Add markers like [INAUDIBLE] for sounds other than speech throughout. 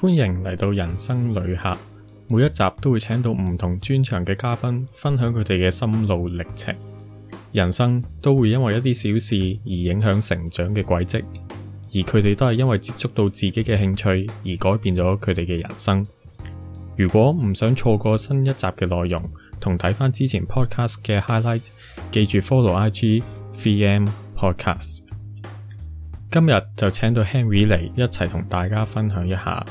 歡迎嚟到人生旅客，每一集都會請到唔同專長嘅嘉賓，分享佢哋嘅心路歷程。人生都會因為一啲小事而影響成長嘅軌跡，而佢哋都係因為接觸到自己嘅興趣而改變咗佢哋嘅人生。如果唔想錯過新一集嘅內容，同睇翻之前 podcast 嘅 highlight，記住 follow IG VM Podcast。今日就請到 Henry 嚟一齊同大家分享一下。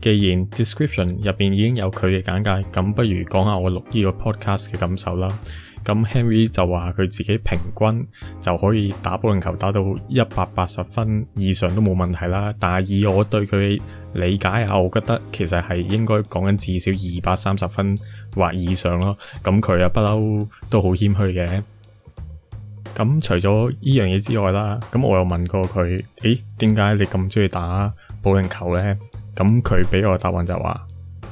既然 description 入邊已經有佢嘅簡介，咁不如講下我錄呢個 podcast 嘅感受啦。咁 Henry 就話佢自己平均就可以打保齡球打到一百八十分以上都冇問題啦。但係以我對佢理解啊，我覺得其實係應該講緊至少二百三十分或以上咯。咁佢啊不嬲都好謙虛嘅。咁除咗呢樣嘢之外啦，咁我又問過佢：「誒、欸，點解你咁中意打保齡球呢？」咁佢俾我答案，就話，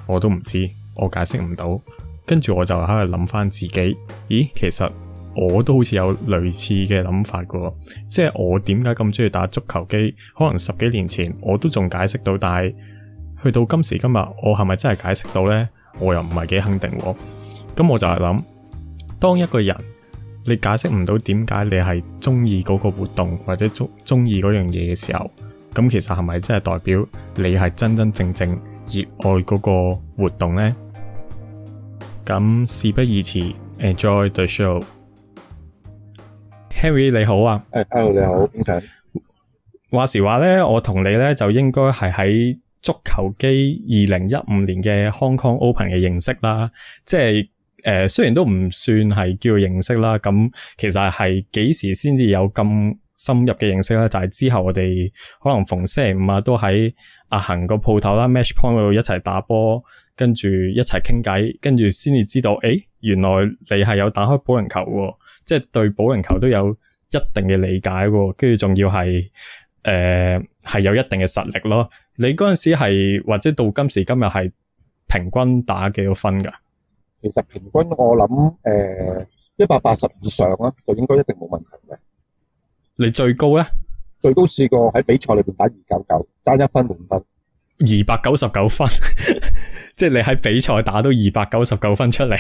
我都唔知，我解釋唔到。跟住我就喺度諗翻自己，咦，其實我都好似有類似嘅諗法噶，即係我點解咁中意打足球機？可能十幾年前我都仲解釋到，但係去到今時今日，我係咪真係解釋到呢？我又唔係幾肯定。咁我就係諗，當一個人你解釋唔到點解你係中意嗰個活動或者中中意嗰樣嘢嘅時候。咁其實係咪真係代表你係真真正正熱愛嗰個活動咧？咁事不宜遲，enjoy the show。Henry 你好啊，誒、hey，阿你好，歡迎請。話時話咧，我同你咧就應該係喺足球機二零一五年嘅 Hong Kong Open 嘅認識啦，即係誒、呃、雖然都唔算係叫做認識啦，咁其實係幾時先至有咁？深入嘅認識咧，就係、是、之後我哋可能逢星期五啊，都喺阿恒個鋪頭啦，match point 嗰度一齊打波，跟住一齊傾偈，跟住先至知道，誒、欸，原來你係有打開保齡球喎，即、就、係、是、對保齡球都有一定嘅理解喎，跟住仲要係誒係有一定嘅實力咯。你嗰陣時係或者到今時今日係平均打幾多分噶？其實平均我諗誒一百八十以上啦，就應該一定冇問題嘅。你最高咧？最高試過喺比賽裏邊打二九九爭一分滿分，二百九十九分，即係 [LAUGHS] 你喺比賽打到二百九十九分出嚟，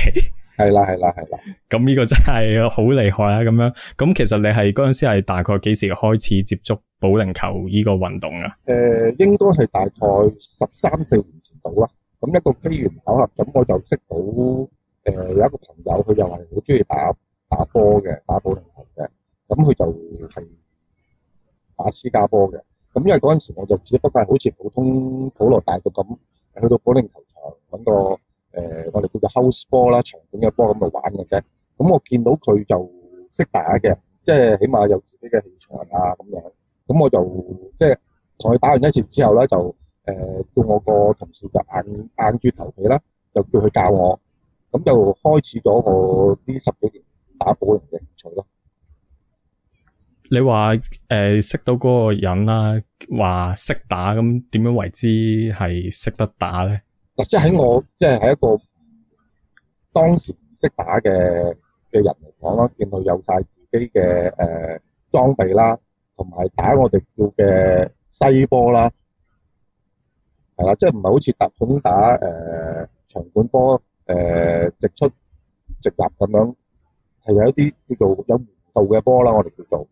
係啦係啦係啦，咁呢個真係好厲害啊！咁樣咁其實你係嗰陣時係大概幾時開始接觸保齡球呢個運動啊誒、呃，應該係大概十三四年前到啦。咁一個機緣巧合，咁我就識到誒、呃、有一個朋友，佢就係好中意打打波嘅，打保齡。咁佢就係打私家波嘅。咁因為嗰陣時我就只不過係好似普通普羅大眾咁去到保齡球場搵個誒、呃，我哋叫做 house ball 啦，場館嘅波咁嚟玩嘅啫。咁我見到佢就識打嘅，即係起碼有自己嘅器材啊咁樣。咁我就即係同佢打完一次之後咧，就誒叫、呃、我個同事就硬硬住頭皮啦，就叫佢教我，咁就開始咗我呢十幾年打保齡嘅興趣咯。你話誒、呃、識到嗰個人啦，話識打咁，點樣為之係識得打咧？嗱，即係喺我即係喺一個當時唔識打嘅嘅人嚟講啦，見到有晒自己嘅誒裝備啦，同埋打我哋叫嘅西波啦，係啊，即係唔係好似特種打誒場館波誒直出直入咁樣，係有一啲叫做有弧度嘅波啦，我哋叫做。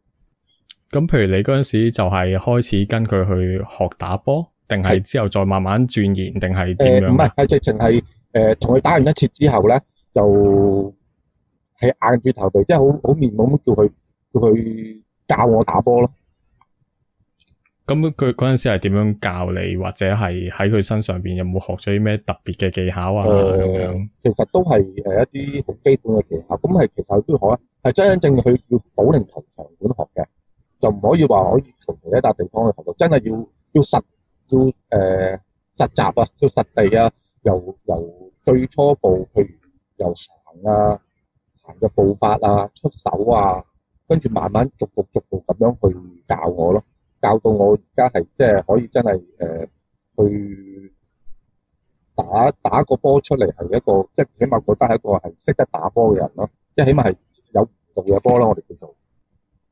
咁，譬如你嗰陣時候就係開始跟佢去學打波，定係之後再慢慢鑽研，定係點樣？唔、呃、係，係直情係誒，同、呃、佢打完一次之後咧，就係硬住頭皮，即係好好勉，咁叫佢叫佢教我打波咯。咁佢嗰陣時係點樣教你，或者係喺佢身上邊有冇學咗啲咩特別嘅技巧啊？呃、其實都係誒一啲好基本嘅技巧。咁係其實都可係真真正佢要保齡球場館學嘅。就唔可以話可以從一笪地方去學到，真係要要實，要誒實習啊，要實地啊，由由最初步譬如由行啊，行嘅步法啊，出手啊，跟住慢慢逐步逐步咁樣去教我咯，教到我而家係即係可以真係誒去打打個波出嚟係一個，即係起碼覺得係一個係識得打波嘅人咯，即係起碼係有路嘅波咯，我哋叫做。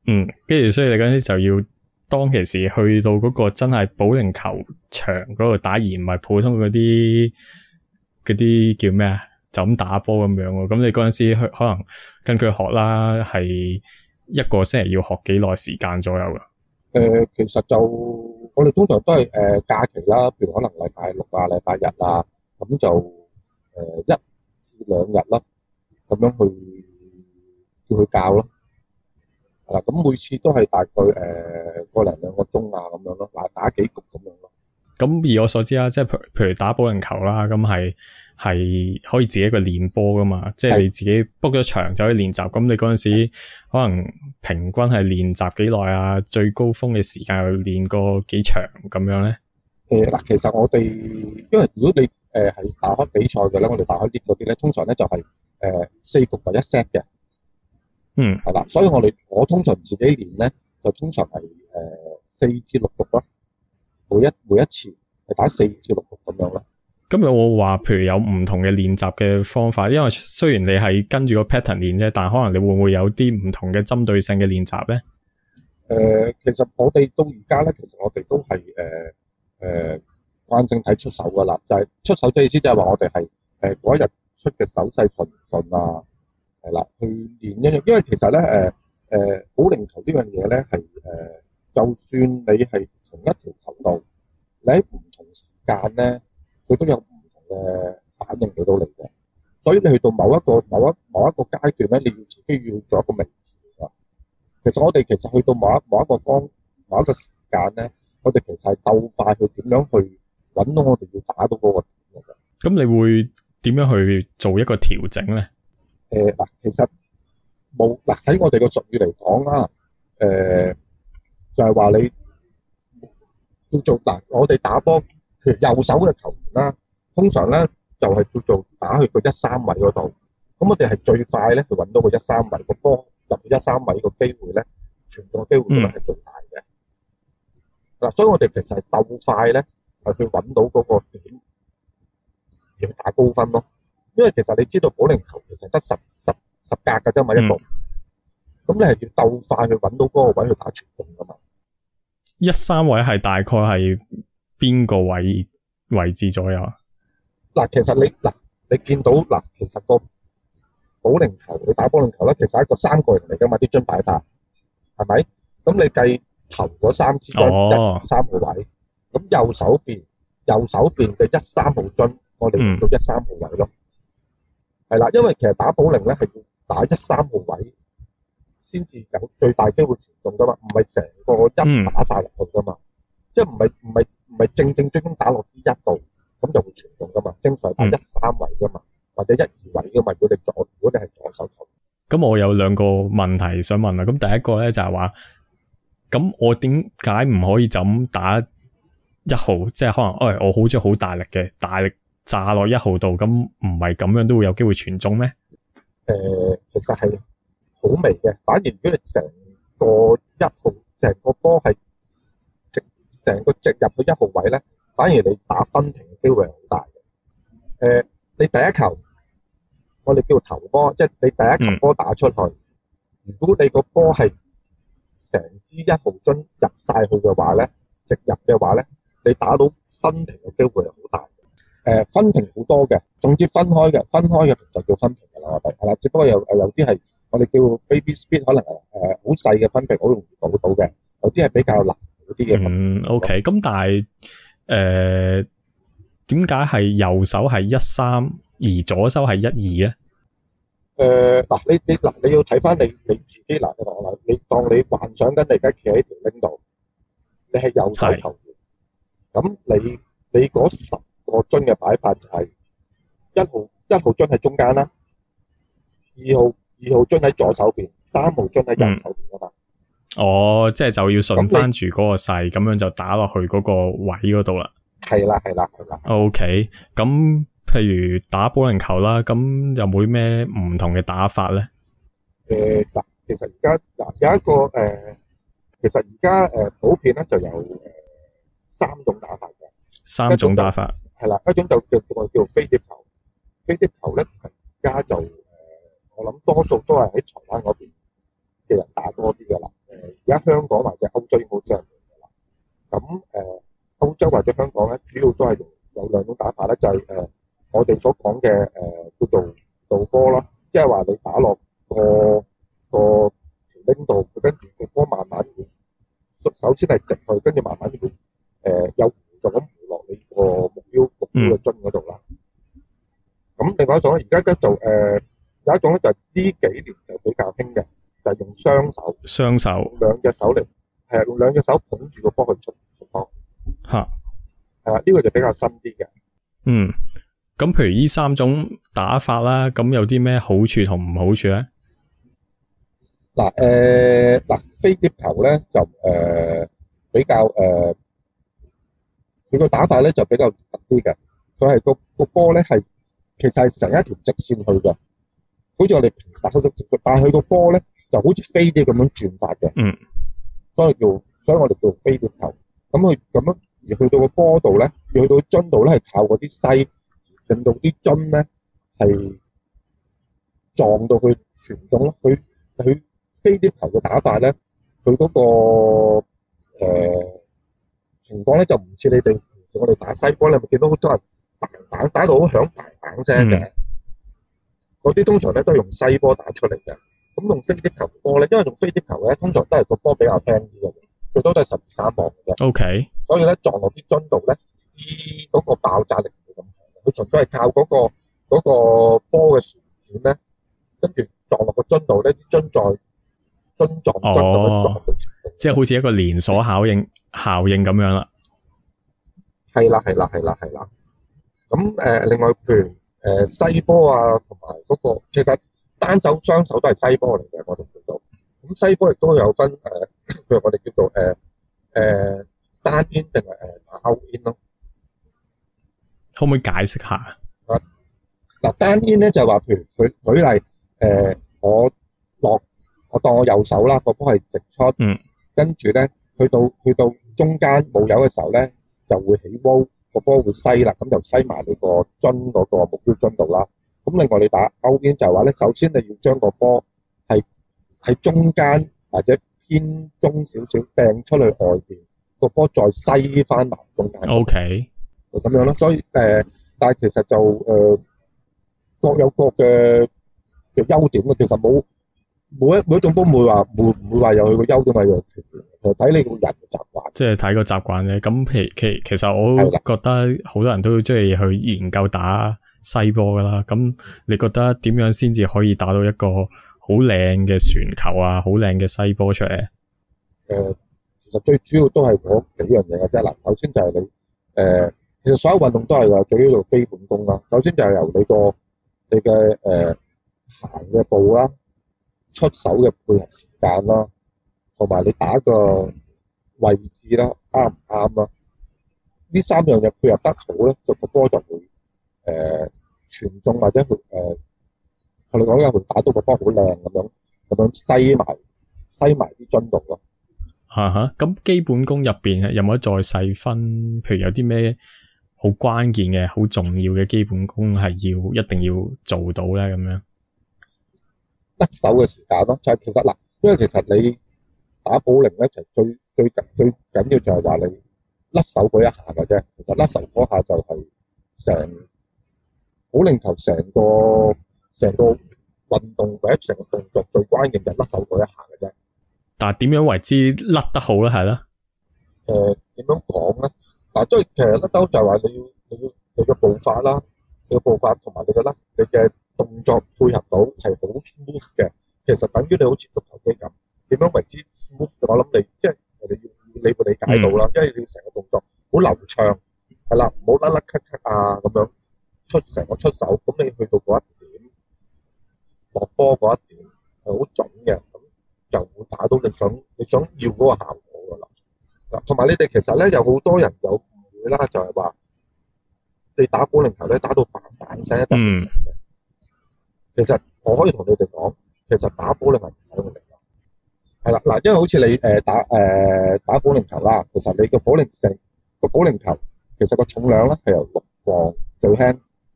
嗯，跟住所以你嗰陣時就要當其時去到嗰個真係保齡球場嗰度打，而唔係普通嗰啲嗰啲叫咩啊？就咁打波咁樣喎。咁你嗰陣時可可能跟佢學啦，係一個星期要學幾耐時間左右噶？誒、呃，其實就我哋通常都係誒、呃、假期啦，譬如可能禮拜六啊、禮拜日啊，咁就誒、呃、一至兩日咯，咁樣去去教咯。嗱，咁每次都係大概誒個零兩個鐘啊，咁樣咯，嗱打幾局咁樣咯。咁而我所知啊，即係譬譬如打保齡球啦，咁係係可以自己一個練波噶嘛。即係你自己 book 咗場就可以練習，咁你嗰陣時可能平均係練習幾耐啊？最高峰嘅時間去練過幾場咁樣咧？誒，嗱，其實我哋因為如果你誒係、呃、打開比賽嘅咧，我哋打開啲嗰啲咧，通常咧就係、是、誒、呃、四局為一 set 嘅。嗯，係啦，所以我哋我通常自己練咧，就通常係誒四至六局咯。每一每一次係打四至六局咁樣咯。咁有冇話譬如有唔同嘅練習嘅方法？因為雖然你係跟住個 pattern 練啫，但係可能你會唔會有啲唔同嘅針對性嘅練習咧？誒、嗯，其實我哋到而家咧，其實我哋都係誒誒慣性睇出手噶啦，就係、係、出手嘅意思就，就係話我哋係誒嗰一日出嘅手勢順唔順啊？係啦，去練一，因為其實咧，誒誒，保齡球呢樣嘢咧，係誒，就算你係同一條球道，你喺唔同時間咧，佢都有唔同嘅反應俾到你嘅，所以你去到某一個、某一某一個階段咧，你要自己要做一個明。其實我哋其實去到某一某一個方、某一個時間咧，我哋其實係鬥快去點樣去揾到我哋要打到嗰個點。咁你會點樣去做一個調整咧？誒嗱，其實冇嗱喺我哋個術語嚟講啦，誒就係話你叫做嗱，我哋打波譬如右手嘅球員啦，通常咧就係叫做打去個一三米嗰度，咁我哋係最快咧就搵到個一三米個波入去一三米個機會咧，全部機會係最大嘅嗱，所以我哋其實係鬥快咧，係去搵到嗰個點，去打高分咯。因為其實你知道保齡球其實得十十十格噶，啫嘛一個咁、嗯、你係要鬥快去搵到嗰個位去打全中噶嘛。一三位係大概係邊個位位置左右啊？嗱，其實你嗱你見到嗱，其實個保齡球你打保齡球咧，其實係一個三角形嚟噶嘛，啲樽擺法係咪咁？你計頭嗰三支樽一三個位咁右手邊右手邊嘅一三號樽，我哋叫一三、嗯、個位咯。係啦，因為其實打保齡咧係要打一三號位先至有最大機會傳中噶嘛，唔係成個一打晒落去噶嘛，嗯、即係唔係唔係唔係正正最終打落呢一度咁就會傳中噶嘛，正常打一三位噶嘛，或者一二位噶嘛。佢哋左，如果你係左手球，咁我有兩個問題想問啦，咁第一個咧就係話，咁我點解唔可以就咁打一號？即係可能，哎，我好似好大力嘅大力。炸落一號度，咁唔係咁樣都會有機會全中咩？誒、呃，其實係好微嘅。反而如果你成個一號成個波係直成個直入去一號位咧，反而你打分瓶嘅機會係好大嘅。誒、呃，你第一球我哋叫做頭波、嗯，即係你第一球波打出去。如果你個波係成支一號樽入晒去嘅話咧，直入嘅話咧，你打到分瓶嘅機會係好大。誒、呃，分屏好多嘅，總之分開嘅，分開嘅就叫分屏噶啦。我哋係啦，只不過又誒有啲係我哋叫 baby split，可能誒好細嘅分屏，好容易攞到嘅。有啲係比較難嗰啲嘅。嗯，O K。咁、okay，但係誒，點解係右手係一三，而左手係一二咧？誒，嗱，你你嗱，你要睇翻你你自己嗱嗱，你當你幻想緊你而家企喺條 lane 度，你係右手頭咁，你你嗰十。個樽嘅擺法就係一號一號樽喺中間啦，二號二號樽喺左手邊，三號樽喺右手邊啊嘛。哦，即係就要順翻住嗰個勢，咁樣就打落去嗰個位嗰度啦。係啦，係啦，係啦。OK，咁譬如打保齡球啦，咁有冇咩唔同嘅打法咧？誒、呃，其實而家有一個誒、呃，其實而家誒普遍咧就有誒三種打法嘅。三種打法。係啦，一種就叫做叫做飛碟球。飛碟球咧，而家就誒，我諗多數都係喺台灣嗰邊嘅人打多啲嘅啦。誒，而家香港或者歐洲已經冇咗人用嘅啦。咁誒，歐洲或者香港咧，主要都係有兩種打法咧，就係誒我哋所講嘅誒叫做倒波啦，即係話你打落個個球拎度，佢跟住個波慢慢首先係直去，跟住慢慢會誒有動。落你個目標目標嘅樽嗰度啦。咁、嗯、另外一種咧，而家咧就誒有一種咧，呃、就呢幾年就比較興嘅，就係、是、用雙手雙手用兩隻手嚟係啊，用兩隻手捧住個波去出出波嚇係啊。呢、這個就比較新啲嘅。嗯，咁譬如呢三種打法啦，咁有啲咩好處同唔好處咧？嗱誒嗱飛碟球咧就誒、呃、比較誒。呃佢個打法咧就比較突啲嘅，佢係個個波咧係其實係成一條直線去嘅，好似我哋平時打嗰種直波，但係佢個波咧就好似飛碟咁樣轉發嘅，嗯，所以叫所以我哋叫飛碟球，咁佢咁樣而去到個波度咧，而去到樽度咧係靠嗰啲西令到啲樽咧係撞到佢全中咯，佢佢飛碟球嘅打法咧，佢嗰個誒。情況咧就唔似你哋，平時我哋打西波，你咪見到好多人嘭嘭打到好響嘭嘭聲嘅？嗰啲通常咧都係用西波打出嚟嘅。咁用飛碟球波咧，因為用飛碟球咧，通常都係個波比較輕啲嘅，最多都係十二三磅嘅。OK。所以咧，撞落啲樽度咧，嗰個爆炸力冇咁大，佢純粹係靠嗰個嗰個波嘅旋轉咧，跟住撞落個樽度咧，樽再樽撞樽，即係好似一個連鎖效應。效應咁樣啦，係啦，係啦，係啦，係啦。咁誒、呃，另外譬如誒、呃、西波啊，同埋嗰個其實單手雙手都係西波嚟嘅，我哋叫做咁西波，亦都有分誒，譬、呃、如我哋叫做誒誒、呃呃、單邊定係誒後邊咯。可唔可以解釋一下嗱、呃？單邊咧就話、是、譬如佢舉例誒、呃，我落我當我右手啦，個波係直出，嗯，跟住咧去到去到。去到中間冇油嘅時候咧，就會起窩，個波會篩啦，咁就篩埋你個樽嗰個目標樽度啦。咁另外你打勾邊就話咧，首先你要將個波係喺中間或者偏中少少掟出去外邊，個波再篩翻埋中間。O.K. 就咁樣咯，所以誒，但係其實就誒各有各嘅嘅優點嘅其實冇。每，每一都每，每一種唔會話，唔會話有佢個優點啊。就睇、是、你個人嘅習慣，即係睇個習慣咧。咁其其其實我覺得好多人都中意去研究打西波噶啦。咁你覺得點樣先至可以打到一個好靚嘅旋球啊？好靚嘅西波出嚟誒、呃？其實最主要都係嗰幾樣嘢嘅啫。嗱，首先就係你誒、呃，其實所有運動都係話做呢度基本功啦。首先就係由你個你嘅誒、呃、行嘅步啦。出手嘅配合時間啦，同埋你打個位置啦，啱唔啱啦？呢三樣嘢配合得好咧，個波就會誒、呃、傳中或者佢誒、我哋講嘅佢打到個波好靚咁樣，咁樣篩埋篩埋啲樽入咯。嚇、啊、嚇，咁基本功入邊有冇再細分？譬如有啲咩好關鍵嘅、好重要嘅基本功係要一定要做到咧？咁樣？甩手嘅時間咯，就係其實啦，因為其實你打保齡咧，就最最緊最緊要就係話你甩手嗰一下嘅啫。其實甩手嗰下就係成保齡球成個成個運動或者成個動作最關鍵就係甩手嗰一下嘅啫。但係點樣為之甩得好咧？係啦，誒點樣講咧？但係都係其實甩兜就係話你要你要你嘅步伐啦，你嘅步伐同埋你嘅甩你嘅。動作配合到係好 smooth 嘅，其實等於你好似足球機咁。點樣為之 smooth？我諗你即係你要你要理解到啦，因為你要成個動作好流暢，係啦，唔好甩甩咳咳啊咁樣出成個出手。咁你去到嗰一點落波嗰一點係好準嘅，咁就會打到你想你想要嗰個效果噶啦。嗱，同埋你哋其實咧有好多人有誤會啦，就係話你打保齡球咧打到板板聲一打。其實我可以同你哋講，其實打保齡球唔使力量，係啦嗱，因為好似你誒、呃、打誒、呃、打保齡球啦，其實你個保齡性個保齡球，其實個重量咧係由六磅最輕，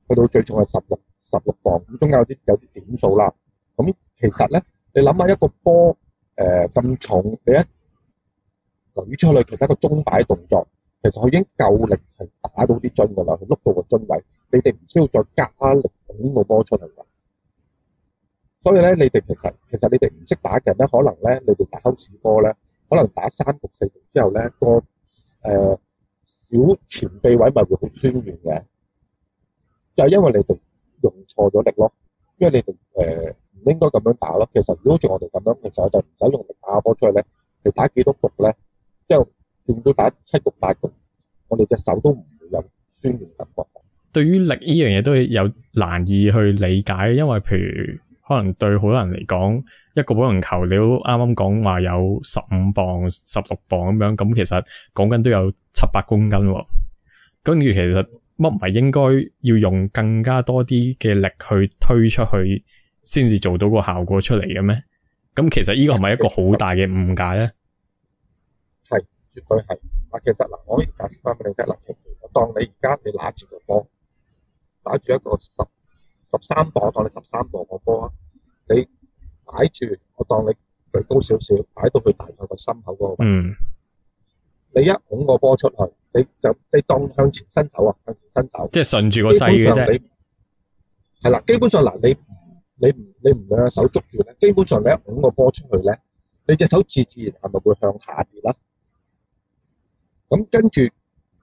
去到最重係十六十六磅，咁中間有啲有啲點，點數啦。咁其實咧，你諗下一個波誒咁重，你一舉出去，其實一個鐘擺動作，其實佢已經夠力係打到啲樽噶啦，佢碌到個樽位，你哋唔需要再加力拱個波出嚟啦。所以咧，你哋其實其實你哋唔識打嘅人咧，可能咧你哋打 house 波咧，可能打三局四局之後咧，個誒、呃、小前臂位咪會好酸軟嘅，就係、因為你哋用錯咗力咯，因為你哋誒唔應該咁樣打咯。其實如果好似我哋咁樣，其實我就唔使用力打波出去咧，你打幾多局咧，即係用到打七局八局，我哋隻手都唔會有酸軟感覺。對於力呢樣嘢都係有難以去理解，因為譬如。可能對好多人嚟講，一個保齡球，你都啱啱講話有十五磅、十六磅咁樣，咁其實講緊都有七八公斤喎。跟住其實乜唔係應該要用更加多啲嘅力去推出去，先至做到個效果出嚟嘅咩？咁其實呢個係咪一個好大嘅誤解咧？係，絕對係。啊，其實嗱，我可以解釋翻俾你聽啦。當你而家你拿住個波，拿住一個十。十三磅，當你十三磅個波啊，你擺住，我當你舉高少少，擺到去大概個心口嗰個位。嗯。你一捧個波出去，你就你當向前伸手啊，向前伸手。即係順住個勢嘅啫。係啦，基本上嗱，你你唔你唔兩手捉住咧，基本上你一捧個波出去咧，你隻手自然係咪會向下跌啦？咁跟住，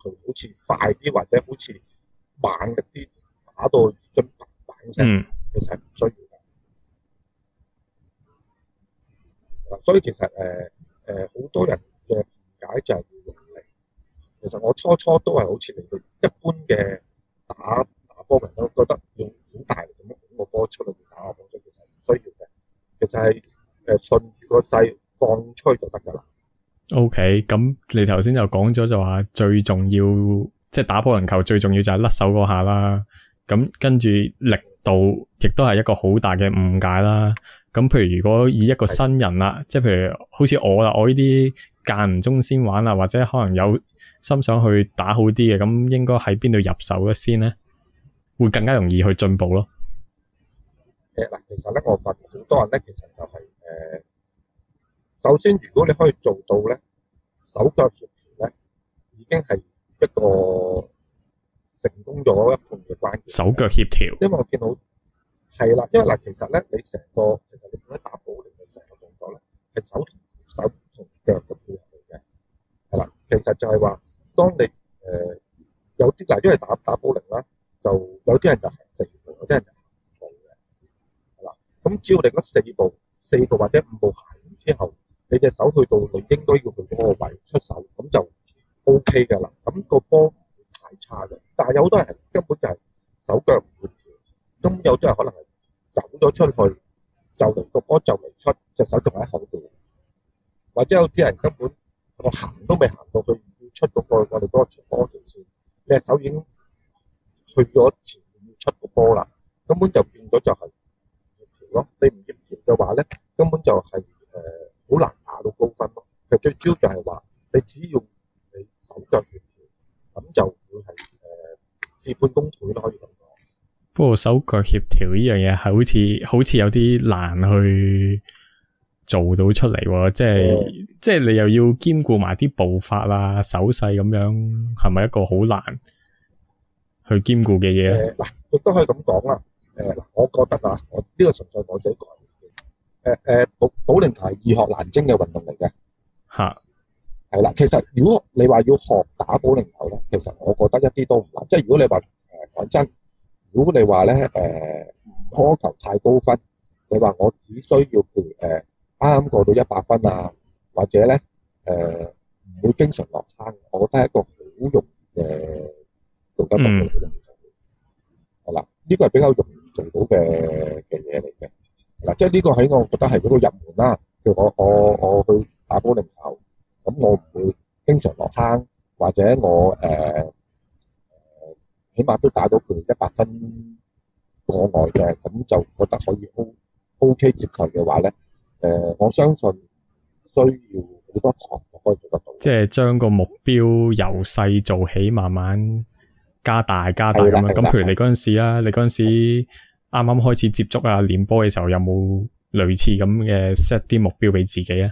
佢好似快啲或者好似猛一啲打到進板先，其實係唔需要嘅。Mm. 所以其實誒誒，好、呃、多人嘅理解就係要用力。其實我初初都係好似你，一般嘅打打波人都覺得用好大力咁樣揾個波出嚟打，波，覺得其實唔需要嘅。其實係誒順住個勢放吹就得㗎啦。O K，咁你頭先就講咗就話最重要，即係打波人球最重要就係甩手嗰下啦。咁跟住力度亦都係一個好大嘅誤解啦。咁譬如如果以一個新人啦，即係譬如好似我啦，我呢啲間唔中先玩啦，或者可能有心想去打好啲嘅，咁應該喺邊度入手一先咧？會更加容易去進步咯。誒嗱，其實咧我發覺好多人咧，其實就係誒。呃首先，如果你可以做到咧，手腳協調咧，已經係一個成功咗一半嘅關鍵。手腳協調，因為我見到係啦，因為嗱，其實咧，你成個其實你點樣打保齡嘅成個動作咧，係手手同腳嘅配合嚟嘅。係啦，其實就係話，當你誒有啲嗱，因為打打保齡啦，就有啲人就行四步，有啲人就行五步嘅，係嘛？咁只要你嗰四步、四步或者五步行完之後。你隻手去到，你應該要去嗰個位出手，咁就 OK 噶啦。咁個波唔會太差嘅，但係有好多人根本就係手腳唔協調，咁有啲人可能係走咗出去就嚟，個波就未出，隻手仲喺後度，或者有啲人根本個行都未行到去，要出個過嚟嗰個長波條線，你隻手已經去咗前面要出個波啦。根本就變咗就係唔協調咯。你唔協調嘅話咧，根本就係誒。好難爬到高分咯，其實最主要就係話你只要你手腳協調，咁就會係事半功倍都可以咁講。不過手腳協調呢樣嘢係好似好似有啲難去做到出嚟喎、嗯，即係、嗯、即係你又要兼顧埋啲步法啊、手勢咁樣，係咪一個好難去兼顧嘅嘢？嗱，亦、嗯、都可以咁講啦。誒，嗱，我覺得啊，我呢個純粹我自己講。誒、呃、誒，保保齡球係易學難精嘅運動嚟嘅，吓，係啦。其實如果你話要學打保齡球咧，其實我覺得一啲都唔難。即係如果你話誒，講真，如果你話咧誒苛求太高分，你話我只需要譬如誒啱啱過到一百分啊，嗯、或者咧誒唔會經常落坑，我覺得係一個好容易嘅做得運動嚟嘅。係啦，呢個係比較容易做到嘅嘅嘢嚟嘅。的嗱，即係呢個喺我覺得係嗰個入門啦。譬如我我我去打保齡球，咁我唔會經常落坑，或者我誒、呃、起碼都打到佢一百分過外嘅，咁就覺得可以 OK 接受嘅話咧，誒、呃，我相信需要好多場可以做得到。即係將個目標由細做起，慢慢加大加大咁樣，咁譬如你嗰陣時啦，你嗰陣時。啱啱開始接觸啊，練波嘅時候，有冇類似咁嘅 set 啲目標俾自己啊？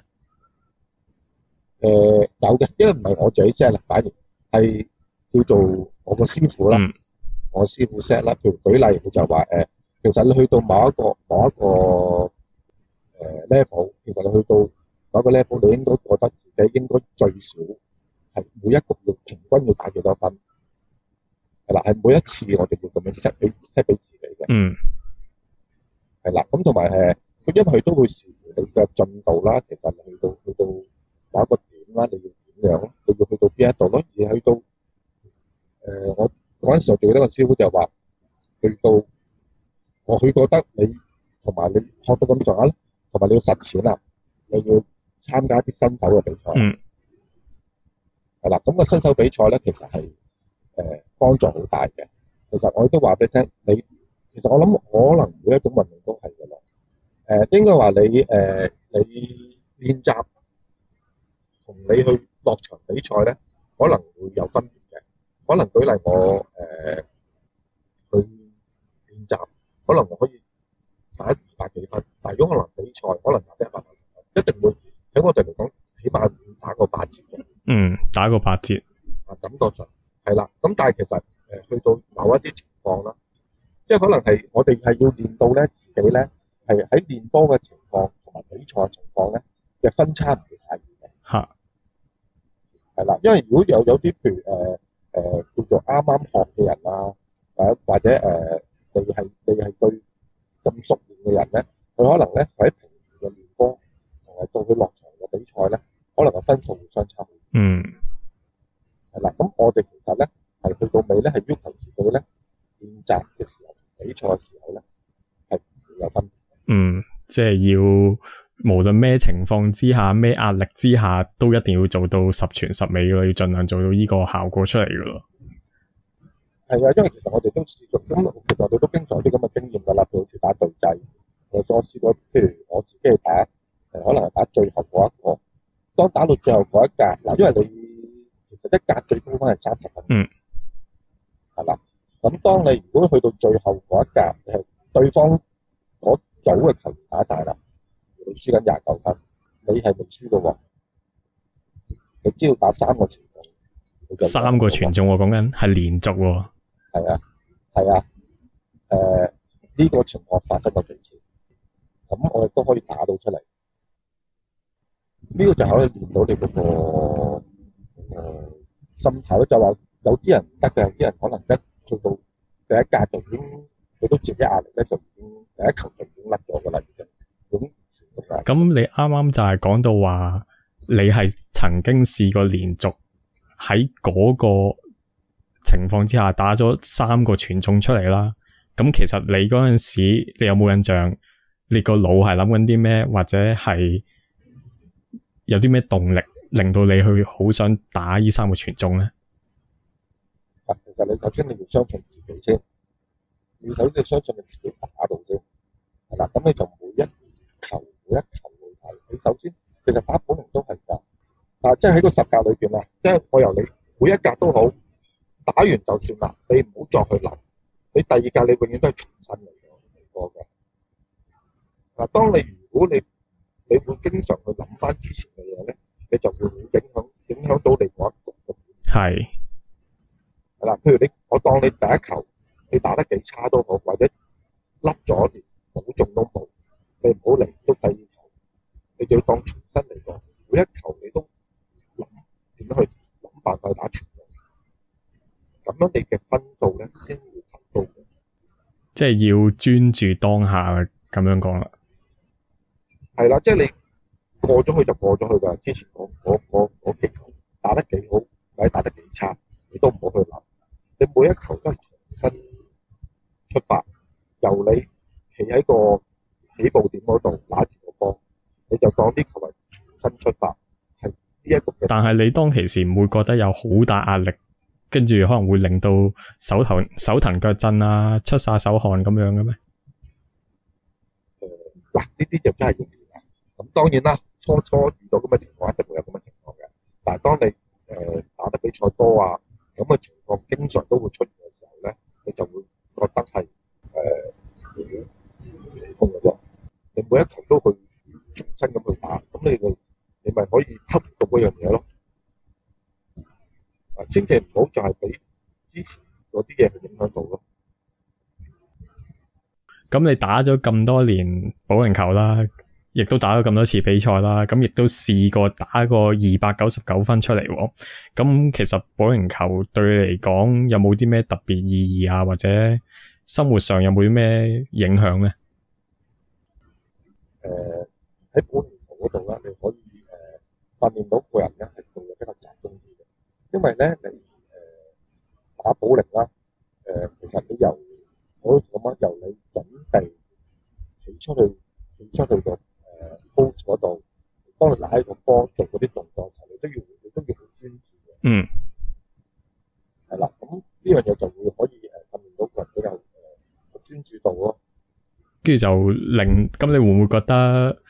誒，有嘅，因為唔係我自己 set 啦，反而係叫做我個師傅啦。我師傅 set 啦，譬如舉例，佢就話誒，其實你去到某一個某一個誒 level，其實你去到某一個 level，你應該覺得自己應該最少係每一個月平均要打幾多分？係啦，係每一次我哋要咁樣 set 俾 set 俾自己嘅。嗯。係啦，咁同埋誒，因為佢都會視乎你嘅進度啦。其實去到去到有一個點啦，你要點樣？你要去到邊一度咯？而去到誒，我嗰陣時候記得個師傅就話去到，我佢覺得你同埋你學到咁上下，同埋你要實踐啊，你要參加啲新手嘅比賽。嗯。係啦，咁個新手比賽咧，其實係。誒，幫助好大嘅。其實我亦都話俾你聽，你其實我諗可能每一種運動都係嘅咯。誒、呃，應該話你誒、呃，你練習同你去落場比賽咧，可能會有分別嘅。可能舉例我誒，去、呃、練習可能我可以打二百幾分，但係如果可能比賽，可能打一百八十分，一定會喺我哋嚟講起碼打個八折嘅。嗯，打個八折啊，感覺上。係啦，咁但係其實誒去到某一啲情況啦，即係可能係我哋係要練到咧自己咧係喺練波嘅情況同埋比賽情況咧嘅分差唔係太大嘅。吓，係啦，因為如果有有啲譬如，誒誒、呃呃、叫做啱啱學嘅人啊，或者或者誒你係你係對咁熟練嘅人咧，佢可能咧喺平時嘅練波同埋到佢落場嘅比賽咧，可能個分數會相差好遠。嗯。嗱，咁我哋其實咧係去到尾咧，係要求自己咧練習嘅時候、比賽嘅時候咧，係有分別。嗯，即係要無論咩情況之下、咩壓力之下，都一定要做到十全十美嘅，要盡量做到呢個效果出嚟㗎咯。係啊，因為其實我哋都試過咁，其實我哋都經常有啲咁嘅經驗㗎啦。譬如好似打對制，我試過譬如我自己係誒，可能係打最後嗰一個，當打到最後嗰一格嗱，因為你。食一格最高分係三十分，嗯，係嘛？咁當你如果去到最後嗰一格，誒，對方嗰組嘅球員打晒啦，你輸緊廿九分，你係唔輸嘅喎，你只要打三個全中，三個全中我，我講緊係連續喎，係啊，係啊，誒、呃，呢、這個情況發生咗幾次，咁我哋都可以打到出嚟，呢、這個就可以練到你嗰個。誒、嗯，心態就話有啲人唔得嘅，有啲人可能一做到第一格就已經，佢都接啲壓力就已經第一球就已經甩咗噶啦。咁咁，嗯，你啱啱就係講到話，你係曾經試過連續喺嗰個情況之下打咗三個全中出嚟啦。咁其實你嗰陣時，你有冇印象？你個腦係諗緊啲咩，或者係有啲咩動力？令到你去好想打依三個全中咧？其實你首先你要相信自己先，你首先要相信你自己打到先。係啦，咁你就每一球每一球裏邊，你首先其實打保齡都係噶。嗱，即係喺個十格裏面咧，即係我由你每一格都好，打完就算啦，你唔好再去諗。你第二格你永遠都係重新嚟過嘅。嗱，當你如果你你會經常去諗翻之前嘅嘢咧？你就會影響影響到你嗰一局，係係啦。譬如你我當你第一球你打得幾差都好，或者甩咗連冇中都冇，你唔好嚟到第二球，你就要當重新嚟過。每一球你都點樣去諗辦法去打全。咁樣你嘅分數咧先會提高。即係要專注當下咁樣講啦。係啦，即係你過咗去就過咗去㗎，之前。得幾好，或者打得幾差，你都唔好去諗。你每一球都係重新出發，由你企喺個起步點嗰度打住個波，你就當啲球係重新出發係呢一個。但係你當其時唔會覺得有好大壓力，跟住可能會令到手騰手騰腳震啊，出曬手汗咁樣嘅咩？嗱，呢啲就真係要練啦。咁當然啦，初初遇到咁嘅情況就～多啊，咁嘅情況經常都會出現嘅時候咧，你就會覺得係誒普通嘅啫。你每一球都去重新咁去打，咁你咪你咪可以克服到嗰樣嘢咯。啊，千祈唔好就係畀之前嗰啲嘢影響到咯。咁你打咗咁多年保齡球啦。亦都打咗咁多次比賽啦，咁亦都試過打個二百九十九分出嚟。咁其實保齡球對你嚟講有冇啲咩特別意義啊？或者生活上有冇啲咩影響呢？誒，喺保齡球嗰度咧，你可以誒訓練到個人咧係做嘅比較集中啲。因為咧，你誒打保齡啦，誒其實你由嗰嗰晚由你準備選出去，選出去到。度，當你喺個波做嗰啲動作時候，你都要你都要好專注嘅。嗯，係啦，咁呢樣嘢就會可以誒訓練到個人比較誒專注度咯。跟住就令咁，你會唔會覺得？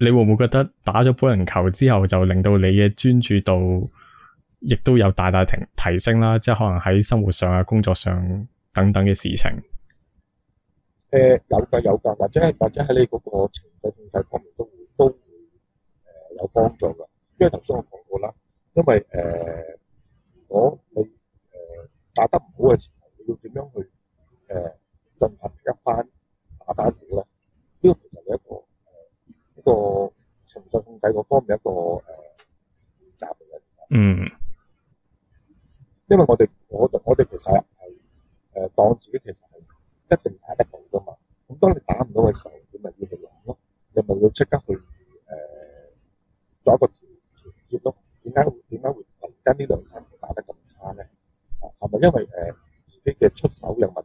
你會唔會覺得打咗保齡球之後，就令到你嘅專注度亦都有大大提提升啦？即係可能喺生活上啊、工作上等等嘅事情。誒、呃、有嘅有嘅，或者係或者喺你嗰個情緒控制方面都會都會、呃、有幫助㗎。因為頭先我講過啦，因為、呃、如果你誒、呃、打得唔好嘅時候，你要點樣去誒振奮一番打翻住咧？呢個其實係一個誒、呃、一個情緒控制嗰方面一個誒習題嚟嘅。嗯，因為我哋我我哋其實係誒、呃、當自己其實係。一定打得到㗎嘛？咁當你打唔到嘅時候，你咪要嚟攞咯，你咪要即刻去誒做一個調節咯。點解點解會突然間呢兩場打得咁差咧？啊，係咪因為誒、呃、自己嘅出手又唔？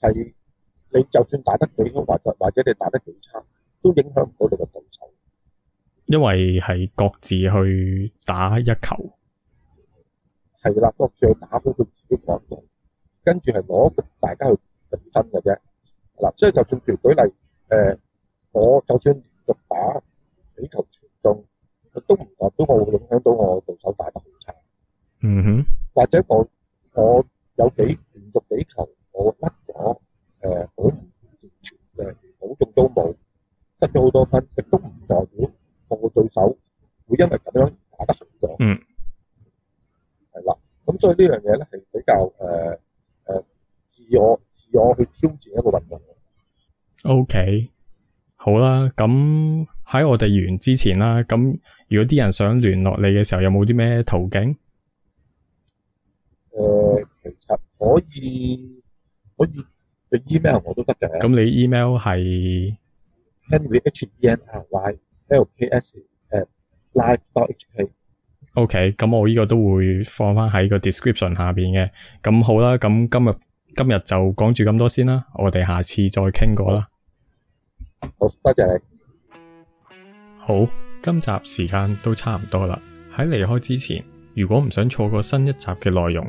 係你就算打得幾好，或者或者你打得幾差，都影響唔到你嘅對手，因為係各自去打一球，係啦，各自去打好佢自己角度，跟住係攞大家去分嘅啫。嗱，即係就算條舉例，誒、呃，我就算連續打幾球全中，都唔代表我會影響到我對手打得好差。嗯哼、mm，hmm. 或者我我有幾連續幾球。我甩咗誒好完全保重都冇，失咗好多分，亦都唔代表我嘅對手會因為咁樣打得好咗，係、嗯、啦。咁所以呢樣嘢咧係比較誒誒、呃、自我自我去挑戰一個運動。O、okay, K，好啦，咁喺我哋完之前啦，咁如果啲人想聯絡你嘅時候，有冇啲咩途徑？誒、呃，其實可以。可以 email 我都得嘅。咁你 email 係 henrylks。live.hk。O.K. 咁我呢個都會放翻喺個 description 下邊嘅。咁好啦，咁今日今日就講住咁多先啦。我哋下次再傾過啦。好，多謝你。好，今集時間都差唔多啦。喺離開之前，如果唔想錯過新一集嘅內容，